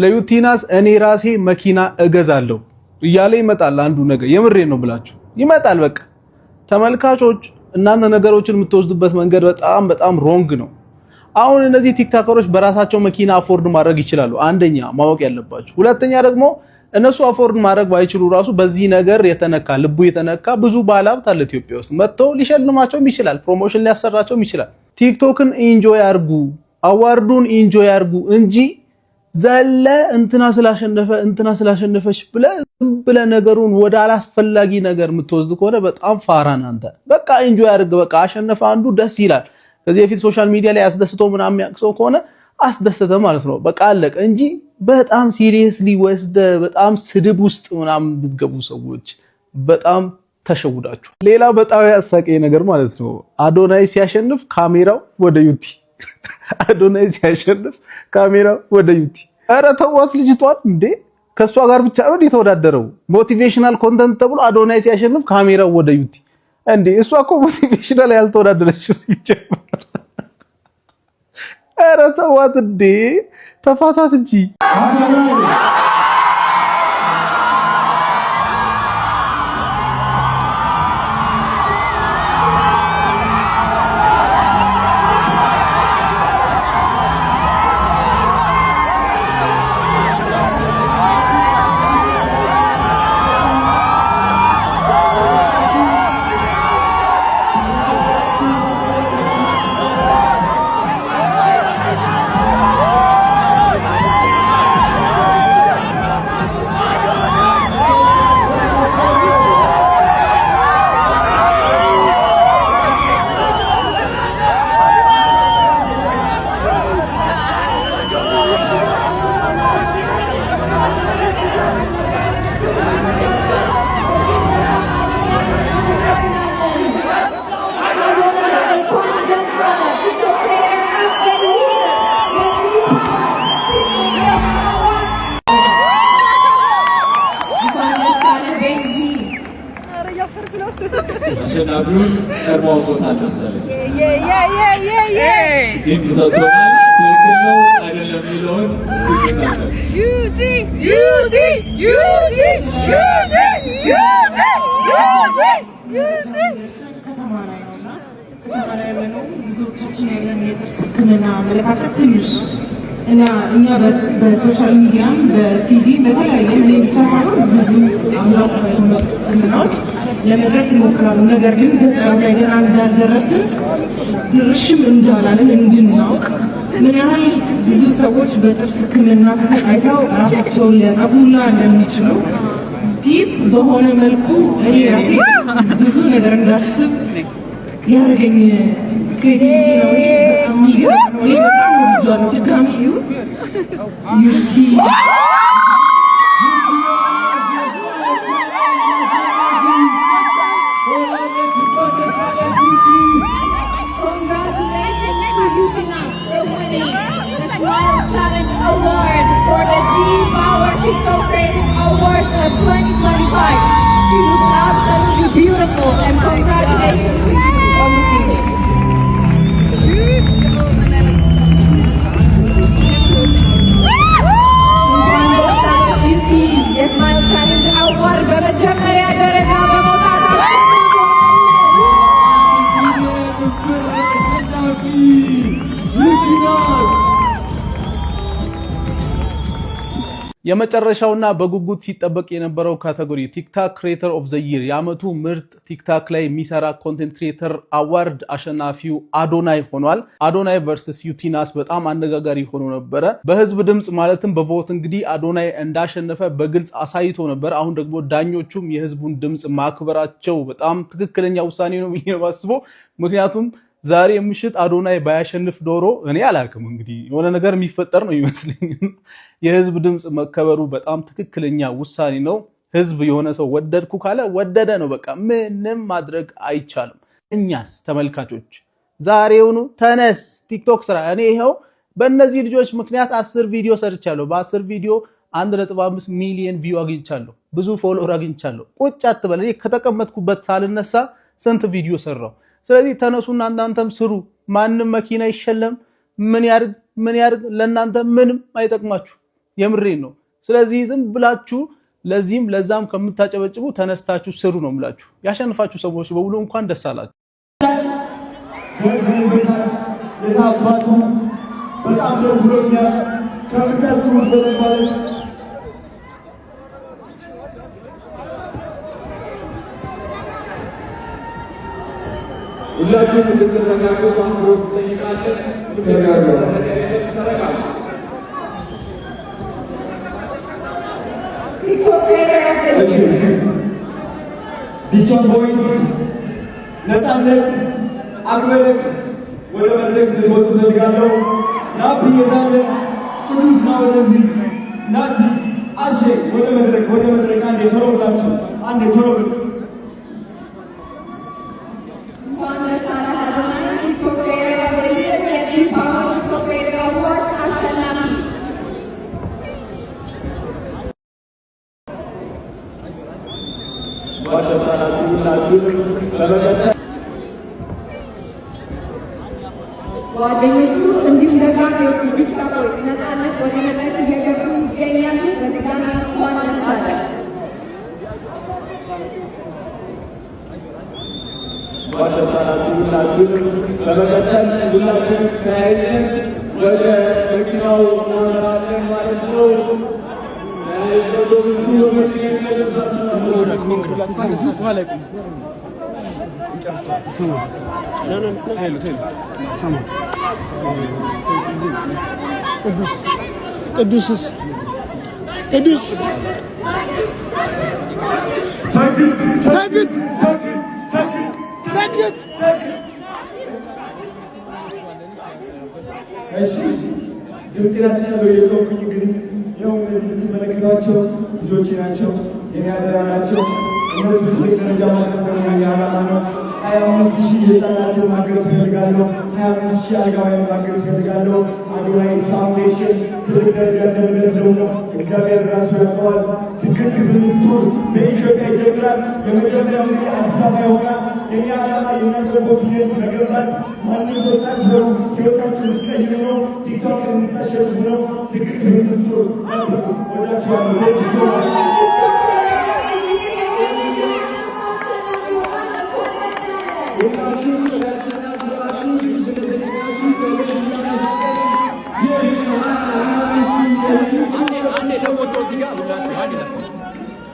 ለዩቲናስ እኔ ራሴ መኪና እገዛለሁ እያለ ይመጣል። አንዱ ነገር የምሬ ነው ብላችሁ ይመጣል። በቃ ተመልካቾች፣ እናንተ ነገሮችን የምትወስዱበት መንገድ በጣም በጣም ሮንግ ነው። አሁን እነዚህ ቲክታከሮች በራሳቸው መኪና አፎርድ ማድረግ ይችላሉ። አንደኛ ማወቅ ያለባችሁ፣ ሁለተኛ ደግሞ እነሱ አፎርድ ማድረግ ባይችሉ ራሱ በዚህ ነገር የተነካ ልቡ የተነካ ብዙ ባለሀብት አለ ኢትዮጵያ ውስጥ መጥቶ ሊሸልማቸውም ይችላል፣ ፕሮሞሽን ሊያሰራቸውም ይችላል። ቲክቶክን ኢንጆይ አርጉ፣ አዋርዱን ኢንጆይ አርጉ እንጂ ዘለ እንትና ስላሸነፈ እንትና ስላሸነፈች ብለ ብለ ነገሩን ወደ አላስፈላጊ ነገር የምትወስድ ከሆነ በጣም ፋራን አንተ። በቃ ኢንጆይ አድርግ። በቃ አሸነፈ አንዱ ደስ ይላል። ከዚህ በፊት ሶሻል ሚዲያ ላይ አስደስቶ ምናምን ያቅሰው ከሆነ አስደሰተ ማለት ነው። በቃ አለቀ እንጂ በጣም ሲሪየስሊ ወስደ በጣም ስድብ ውስጥ ምናምን የምትገቡ ሰዎች በጣም ተሸውዳችሁ። ሌላ በጣም ያሳቀኝ ነገር ማለት ነው አዶናይ ሲያሸንፍ ካሜራው ወደ ዩቲ አዶናይ ሲያሸንፍ ካሜራው ወደ ዩቲ። ኧረ ተዋት ልጅቷን እንዴ! ከእሷ ጋር ብቻ ነው የተወዳደረው። ሞቲቬሽናል ኮንተንት ተብሎ አዶናይ ሲያሸንፍ ካሜራው ወደ ዩቲ እንዴ! እሷ እኮ ሞቲቬሽናል ያልተወዳደረችው ሲጀመር። ኧረ ተዋት እንዴ! ተፋታት እንጂ አሸናፊውን ቀድሞ አውቆታለሁ። ይህ ተሰጥቶናል ትክክል ነው አይደለም የሚለውን ከተማ ላይ ነውና ከተማ ላይ ያለነው ብዙዎቻችን ያለን የጥርስ ሕክምና አመለካከት ትንሽ እና እኛ በሶሻል ሚዲያም በቲቪ በተለያየ እኔ ብቻ ሳይሆን ብዙ አምላክ ባይሆኑ ጥርስ ሕክምናዎች ለመድረስ ይሞክራሉ። ነገር ግን ገጠሩ ላይ ገና እንዳልደረስን ድርሽም እንዳላለን እንድናውቅ ምን ያህል ብዙ ሰዎች በጥርስ ሕክምና ተሰቃይተው ራሳቸውን ሊያጠፉና እንደሚችሉ ዲፕ በሆነ መልኩ እኔ ራሴ ብዙ ነገር እንዳስብ ያደረገኝ ከዚህ ነው። በጣም ሚገ በጣም ድጋሚ ዩቲ Pico Grade Awards of 2025. She looks absolutely beautiful and congratulations to you on the evening. Yes, my challenge outward, but a የመጨረሻውና በጉጉት ሲጠበቅ የነበረው ካተጎሪ ቲክታክ ክሬተር ኦፍ ዘ ይር ምርጥ ቲክታክ ላይ የሚሰራ ኮንቴንት ክሬተር አዋርድ አሸናፊው አዶናይ ሆኗል። አዶናይ ቨርስስ ዩቲናስ በጣም አነጋጋሪ ሆኖ ነበረ። በህዝብ ድምፅ ማለትም በቮት እንግዲህ አዶናይ እንዳሸነፈ በግልጽ አሳይቶ ነበር። አሁን ደግሞ ዳኞቹም የህዝቡን ድምፅ ማክበራቸው በጣም ትክክለኛ ውሳኔ ነው ብዬ ምክንያቱም ዛሬ ምሽት አዶናይ ባያሸንፍ ዶሮ እኔ አላውቅም። እንግዲህ የሆነ ነገር የሚፈጠር ነው ይመስለኝ። የህዝብ ድምፅ መከበሩ በጣም ትክክለኛ ውሳኔ ነው። ህዝብ የሆነ ሰው ወደድኩ ካለ ወደደ ነው፣ በቃ ምንም ማድረግ አይቻልም። እኛስ ተመልካቾች ዛሬውኑ ተነስ፣ ቲክቶክ ስራ። እኔ ይኸው በእነዚህ ልጆች ምክንያት አስር ቪዲዮ ሰርቻለሁ። በአስር ቪዲዮ አንድ ነጥብ አምስት ሚሊዮን ቪው አግኝቻለሁ። ብዙ ፎሎወር አግኝቻለሁ። ቁጭ አትበል። እኔ ከተቀመጥኩበት ሳልነሳ ስንት ቪዲዮ ሰራው? ስለዚህ ተነሱና እናንተም ስሩ። ማንም መኪና ይሸለም፣ ምን ያርግ ምን ያርግ፣ ለእናንተ ምንም አይጠቅማችሁ። የምሬ ነው። ስለዚህ ዝም ብላችሁ ለዚህም ለዛም ከምታጨበጭቡ ተነስታችሁ ስሩ ነው የምላችሁ። ያሸንፋችሁ ሰዎች በሙሉ እንኳን ደስ አላችሁ። የታባቱ በጣም ደስ ብሎኛል። ከምታስቡት በላይ ማለት ሁላችሁም እንድትረጋጉ በአክብሮት እንጠይቃለን። ተረጋጉ። ዲቻን ቦይስ ነፃነት አክበረት ወደ መድረክ ልትወጡ ፈልጋለሁ። ናፒ የታለ ቅዱስ ና ወደዚህ ናቲ አሼ ወደ መድረክ ወደ መድረክ አንዴ ቶሎ ብላችሁ አንዴ ቶሎ ቅዱስ ቅዱስ ሰግድ ሰግድ ህይወቴን አትሻለው የጾምኩኝ እንግዲህ ይኸው እነዚህ የምትመለከቷቸው ልጆቼ ናቸው፣ የኔ አደራ ናቸው። እነሱ ትልቅ ደረጃ ማድረስ ደግሞ የዓላማ ነው። ሀያ አምስት ሺህ ህፃናትን ማገዝ እፈልጋለሁ። ሀያ አምስት ሺህ አልጋውያን ማገዝ እፈልጋለሁ። አዶናይ ፋውንዴሽን ትልቅ ደረጃ እንደሚደርስ ደግሞ እግዚአብሔር ራሱ ያውቀዋል። ስግድ ክፍል ስቱር በኢትዮጵያ ይጀምራል። የመጀመሪያው እንግዲህ አዲስ አበባ ይሆናል። ගෙනියාගන්න යුනන්ට position නගරවත් මන්නේ සසස්රෝ කියෝකම් චුස්ත you know TikTok එකේ නිතශේ යුනෝ සිග්‍රි හින්දුස්තු ඔඩා චෝමේ Anne, anne, ne motor sigara mı? Hadi lan.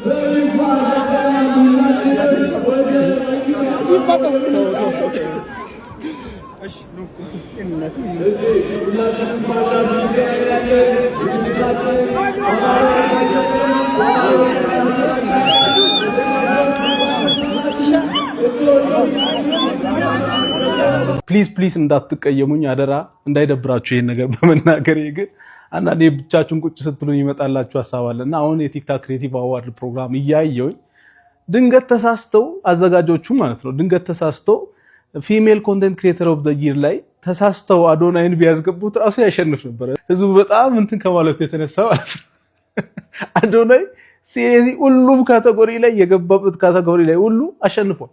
Böyle bir fazla ben anlamıyorum. ፕሊዝ ፕሊዝ እንዳትቀየሙኝ አደራ፣ እንዳይደብራችሁ ይህን ነገር በመናገሬ ግን አንዳንዴ ብቻችሁን ቁጭ ስትሉኝ ይመጣላችሁ ሀሳብ አለ እና አሁን የቲክታክ ክሬቲቭ አዋርድ ፕሮግራም እያየውኝ ድንገት ተሳስተው አዘጋጆቹ ማለት ነው። ድንገት ተሳስተው ፊሜል ኮንቴንት ክሬተር ኦፍ ዘ ይር ላይ ተሳስተው አዶናይን ቢያስገቡት ራሱ ያሸንፍ ነበረ። ህዝቡ በጣም እንትን ከማለቱ የተነሳ ማለት ነው አዶናይ ሲሪየስሊ ሁሉም ካተጎሪ ላይ የገባበት ካተጎሪ ላይ ሁሉ አሸንፏል።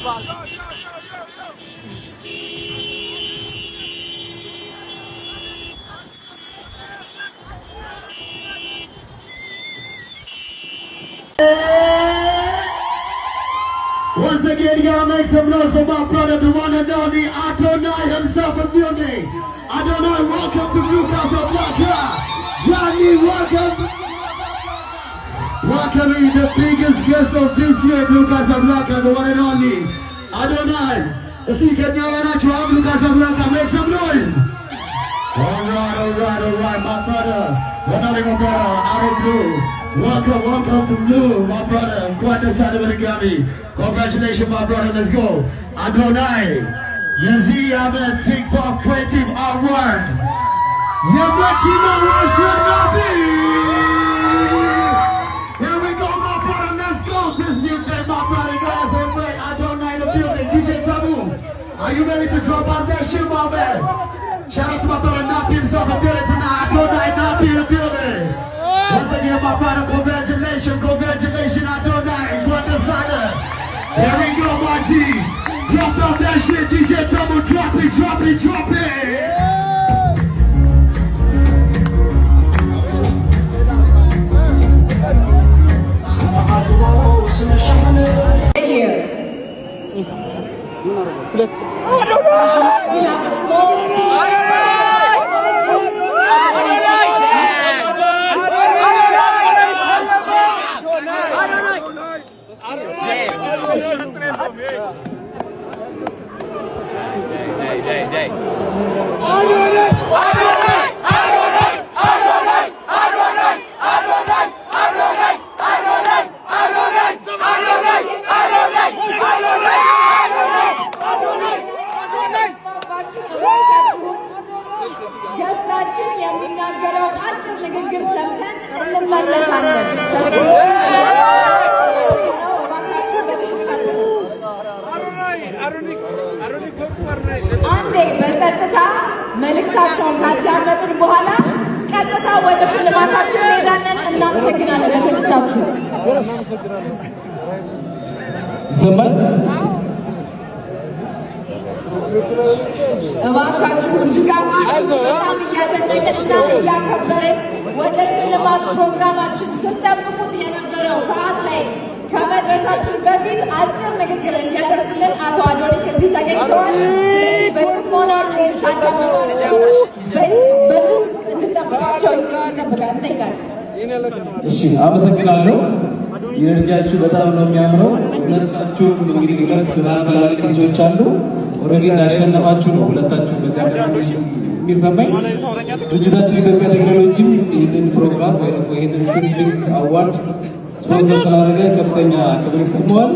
Once again, you gotta make some noise for my brother, the one and only Adonai himself in music. Adonai, welcome to Newcastle Black Johnny, welcome. Rockaby, the biggest guest of this year, Lucas Casablanca, the one and only. Adonai, the secret Nyayana Trump, Lucas Casablanca, make some noise. Alright, alright, alright, my brother. What are my brother? Out of blue. Welcome, welcome to Blue, my brother. I'm Quite excited about the gummy. Congratulations, my brother. Let's go. Adonai. see, I'm a TikTok creative artwork. should not be. Are you ready to drop out that shit, my man? Shout out to my brother Nappy himself in building tonight. I do night Nappy in the building. Once again, my brother, congratulations, congratulations. I don't what the signer. There we go, my G. Drop out that shit, DJ Tumble. Drop it, drop it, drop it. Thank you. Let's... Oh, no, no! ይሰማል። እባካችሁ ድጋፋችሁ በጣም እያደነቅንና ወደ ፕሮግራማችን ስንጠብቁት የነበረው ሰዓት ላይ ከመድረሳችን በፊት አጭር ንግግር እንዲያደርጉልን አቶ አዶኒክ እዚህ ተገኝተዋል። በጥሞና እንድጠብቃቸው እሺ፣ አመሰግናለሁ። የእርጃችሁ በጣም ነው የሚያምረው። ሁለታችሁ እንግዲህ ሁለት ትላልቅ ልጆች አሉ። ኦልሬዲ እንዳሸነፋችሁ ነው ሁለታችሁ በዚያ የሚሰማኝ። ድርጅታችን ኢትዮጵያ ቴክኖሎጂም ይህንን ፕሮግራም ይህንን ስፔሲፊክ አዋርድ ስፖንሰር ስላደረገ ከፍተኛ ክብር ይሰማዋል።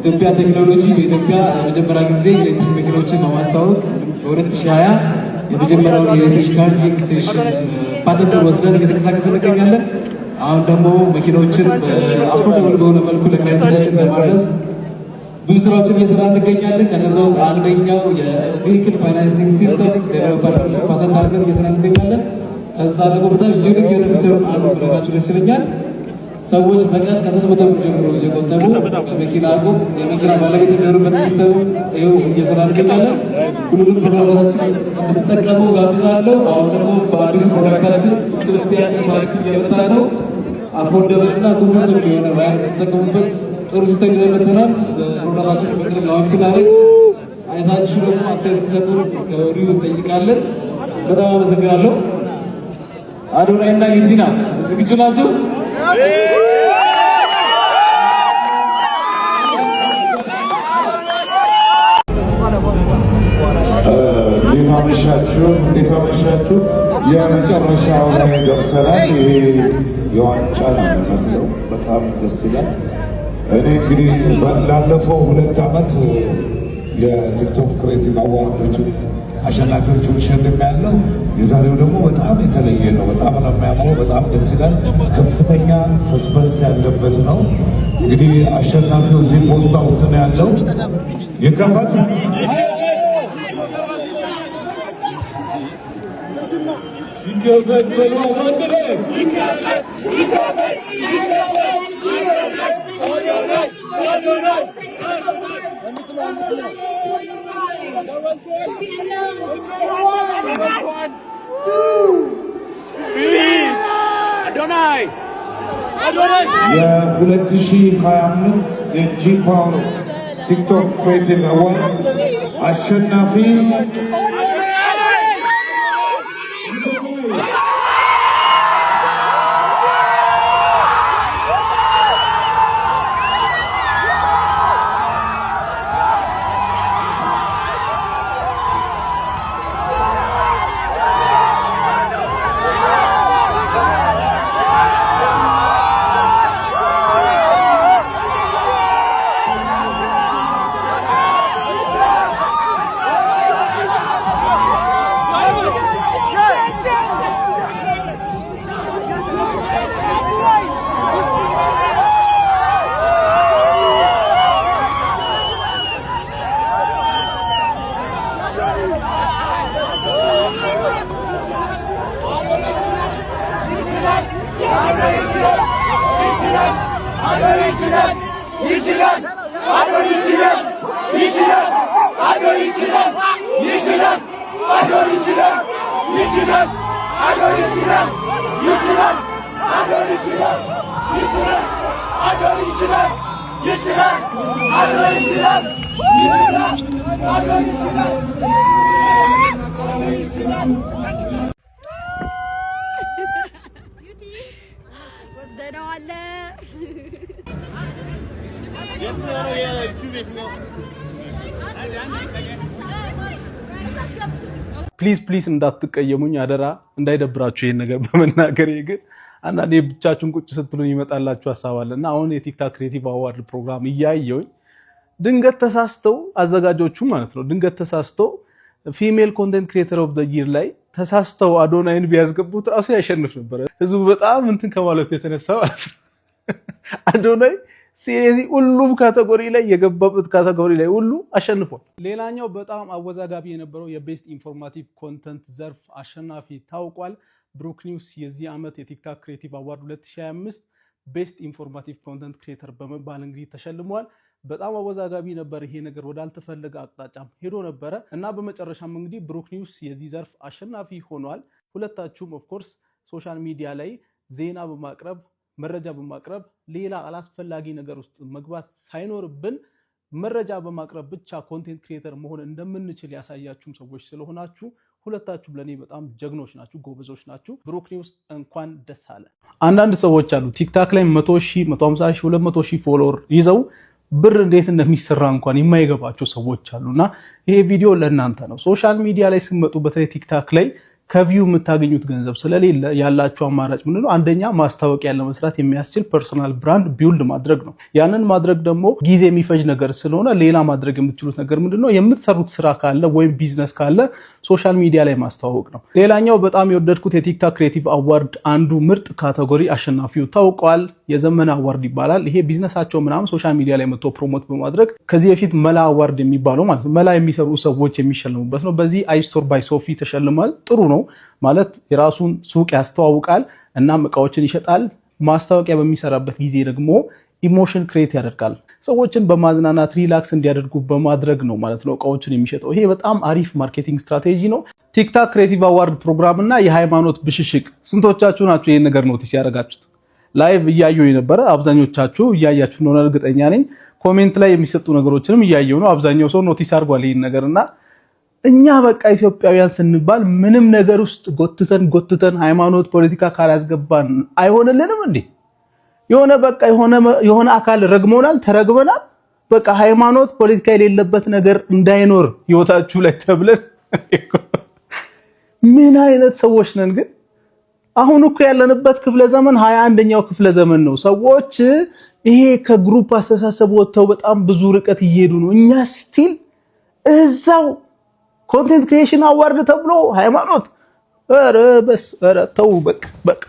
ኢትዮጵያ ቴክኖሎጂ በኢትዮጵያ ለመጀመሪያ ጊዜ የኤሌክትሪክ መኪናዎችን በማስተዋወቅ በ2020 የመጀመሪያውን የኤሌክትሪክ ቻርጂንግ ስቴሽን ፓተንት ወስደን እየተንቀሳቀስ እንገኛለን። አሁን ደግሞ መኪናዎችን አፎርደብል በሆነ መልኩ ለክላይንቶቻችን ለማድረስ ብዙ ስራዎችን እየሰራ እንገኛለን። ከነዛ ውስጥ አንደኛው የቪሂክል ፋይናንሲንግ ሲስተም ፓተንት አድርገን እየሰራ እንገኛለን። ከዛ ደግሞ በጣም ዩኒክ የሆነ ፊቸር አሉ ብለናችሁ ደስ ይለኛል። ሰዎች በቀን ከሶስት መቶ ብር ጀምሮ እየቆጠቡ በመኪና አቁ የመኪና ባለቤት የሚሆኑበት ሲስተም ይኸው እየሰራ እንገኛለን። ሁሉም ተደራችን እንድጠቀሙ ጋብዛለሁ። አሁን ደግሞ በአዲሱ ፕሮዳክታችን ኢትዮጵያ ኢማክስ እየመጣ ነው። አፎርደብልና ኮምፎርት የሆነ ባይር ተጠቀሙበት። ጥሩ ሲስተም ይዘመተናል። ፕሮዳክታችን ምክር ላውንስ ስናደርግ አይታችሁ ደግሞ አስተያየት እንዲሰጡ ከወዲሁ እንጠይቃለን። በጣም አመሰግናለሁ። አዶናይ እና ዩጂና ዝግጁ ናቸው? አመሻችሁ፣ እንዴት አመሻችሁ። የመጨረሻው ላይ ደርሰናል። ይሄ የዋንጫ ነው የሚመስለው። በጣም ደስ ይላል። እኔ እንግዲህ ላለፈው ሁለት ዓመት የቲክቶክ ክሬቲቭ አዋርዶችን አሸናፊዎቹን ሸልም ያለው የዛሬው ደግሞ በጣም የተለየ ነው። በጣም ነው የሚያምረው። በጣም ደስ ይላል። ከፍተኛ ሰስፐንስ ያለበት ነው። እንግዲህ አሸናፊው እዚህ ፖስታ ውስጥ ነው ያለው ይከፈት İcabet ve muhabbetine. İcabet, icabet, icabet, icabet, icabet, icabet. Adonai! Adonai! Ya Bülent Dişi Kayamnist Genci içinden, içinden, agro içinden, içinden, agro içinden, içinden, agro içinden, içinden, agro içinden, içinden, agro içinden, içinden, agro içinden, içinden, agro içinden, içinden, agro içinden, agro içinden, ፕሊዝ ፕሊዝ እንዳትቀየሙኝ አደራ፣ እንዳይደብራችሁ ይህን ነገር በመናገሬ ግን አንዳንዴ ብቻችሁን ቁጭ ስትሉ ይመጣላችሁ ሀሳብ አለ እና አሁን የቲክታክ ክሬቲቭ አዋርድ ፕሮግራም እያየሁኝ ድንገት ተሳስተው አዘጋጆቹ ማለት ነው ድንገት ተሳስተው ፊሜል ኮንቴንት ክሬተር ኦፍ ዘ ይር ላይ ተሳስተው አዶናይን ቢያስገቡት እራሱ ያሸንፍ ነበረ። ህዝቡ በጣም እንትን ከማለቱ የተነሳ ማለት ነው አዶናይ ሲሪየስሊ ሁሉም ካተጎሪ ላይ የገባበት ካተጎሪ ላይ ሁሉ አሸንፏል። ሌላኛው በጣም አወዛጋቢ የነበረው የቤስት ኢንፎርማቲቭ ኮንተንት ዘርፍ አሸናፊ ታውቋል። ብሩክ ኒውስ የዚህ ዓመት የቲክታክ ክሬቲቭ አዋርድ 2025 ቤስት ኢንፎርማቲቭ ኮንተንት ክሬተር በመባል እንግዲህ ተሸልመዋል። በጣም አወዛጋቢ ነበር። ይሄ ነገር ወዳልተፈለገ አቅጣጫም ሄዶ ነበረ እና በመጨረሻም እንግዲህ ብሩክ ኒውስ የዚህ ዘርፍ አሸናፊ ሆኗል። ሁለታችሁም ኦፍኮርስ ሶሻል ሚዲያ ላይ ዜና በማቅረብ መረጃ በማቅረብ ሌላ አላስፈላጊ ነገር ውስጥ መግባት ሳይኖርብን መረጃ በማቅረብ ብቻ ኮንቴንት ክሪኤተር መሆን እንደምንችል ያሳያችሁም ሰዎች ስለሆናችሁ ሁለታችሁም ለእኔ በጣም ጀግኖች ናችሁ፣ ጎበዞች ናችሁ። ብሩክ ኒውስ እንኳን ደስ አለ። አንዳንድ ሰዎች አሉ ቲክታክ ላይ መቶ ሺህ መቶ ሺህ ሺህ ፎሎወር ይዘው ብር እንዴት እንደሚሰራ እንኳን የማይገባቸው ሰዎች አሉ እና ይሄ ቪዲዮ ለእናንተ ነው። ሶሻል ሚዲያ ላይ ስትመጡ በተለይ ቲክታክ ላይ ከቪው የምታገኙት ገንዘብ ስለሌለ ያላችሁ አማራጭ ምንድነው? አንደኛ ማስታወቂያ ለመስራት የሚያስችል ፐርሶናል ብራንድ ቢውልድ ማድረግ ነው። ያንን ማድረግ ደግሞ ጊዜ የሚፈጅ ነገር ስለሆነ ሌላ ማድረግ የምትችሉት ነገር ምንድነው? የምትሰሩት ስራ ካለ ወይም ቢዝነስ ካለ ሶሻል ሚዲያ ላይ ማስተዋወቅ ነው። ሌላኛው በጣም የወደድኩት የቲክታክ ክሬቲቭ አዋርድ አንዱ ምርጥ ካተጎሪ አሸናፊው ታውቋል። የዘመን አዋርድ ይባላል። ይሄ ቢዝነሳቸው ምናምን ሶሻል ሚዲያ ላይ መጥቶ ፕሮሞት በማድረግ ከዚህ በፊት መላ አዋርድ የሚባለው ማለት ነው መላ የሚሰሩ ሰዎች የሚሸልሙበት ነው። በዚህ አይስቶር ባይ ሶፊ ተሸልሟል። ጥሩ ነው። ነው ማለት የራሱን ሱቅ ያስተዋውቃል፣ እናም እቃዎችን ይሸጣል። ማስታወቂያ በሚሰራበት ጊዜ ደግሞ ኢሞሽን ክሬት ያደርጋል። ሰዎችን በማዝናናት ሪላክስ እንዲያደርጉ በማድረግ ነው ማለት ነው እቃዎችን የሚሸጠው። ይሄ በጣም አሪፍ ማርኬቲንግ ስትራቴጂ ነው። ቲክታክ ክሬቲቭ አዋርድ ፕሮግራም እና የሃይማኖት ብሽሽቅ፣ ስንቶቻችሁ ናቸው ይህን ነገር ኖቲስ ያደረጋችሁት? ላይቭ እያየ የነበረ አብዛኞቻችሁ እያያችሁ እንደሆነ እርግጠኛ ነኝ። ኮሜንት ላይ የሚሰጡ ነገሮችንም እያየው ነው። አብዛኛው ሰው ኖቲስ አድርጓል ይህን ነገር እና እኛ በቃ ኢትዮጵያውያን ስንባል ምንም ነገር ውስጥ ጎትተን ጎትተን ሃይማኖት፣ ፖለቲካ ካላስገባን አይሆንልንም እንዴ? የሆነ በቃ የሆነ አካል ረግሞናል፣ ተረግመናል። በቃ ሃይማኖት፣ ፖለቲካ የሌለበት ነገር እንዳይኖር ህይወታችሁ ላይ ተብለን ምን አይነት ሰዎች ነን ግን? አሁን እኮ ያለንበት ክፍለ ዘመን ሀያ አንደኛው ክፍለ ዘመን ነው። ሰዎች ይሄ ከግሩፕ አስተሳሰብ ወጥተው በጣም ብዙ ርቀት እየሄዱ ነው። እኛ ስቲል እዛው ኮንቴንት ክሪኤሽን አዋርድ ተብሎ ሃይማኖት ኧረ በስ ተው በቃ በቃ